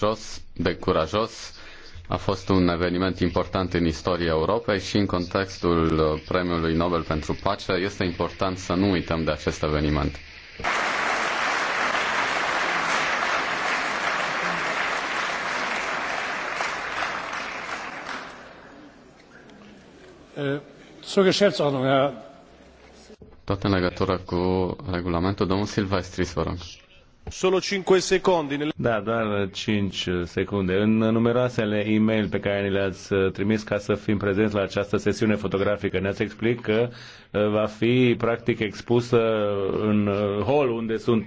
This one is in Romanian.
jos, de curajos. A fost un eveniment important în istoria Europei și în contextul Premiului Nobel pentru Pace este important să nu uităm de acest eveniment. Tot în legătură cu regulamentul, domnul Silvestris, vă rog. Solo 5 secunde. Da, doar 5 secunde. În numeroasele e-mail pe care ni le-ați uh, trimis ca să fim prezenți la această sesiune fotografică, ne-ați explic că uh, va fi practic expusă în uh, hall unde sunt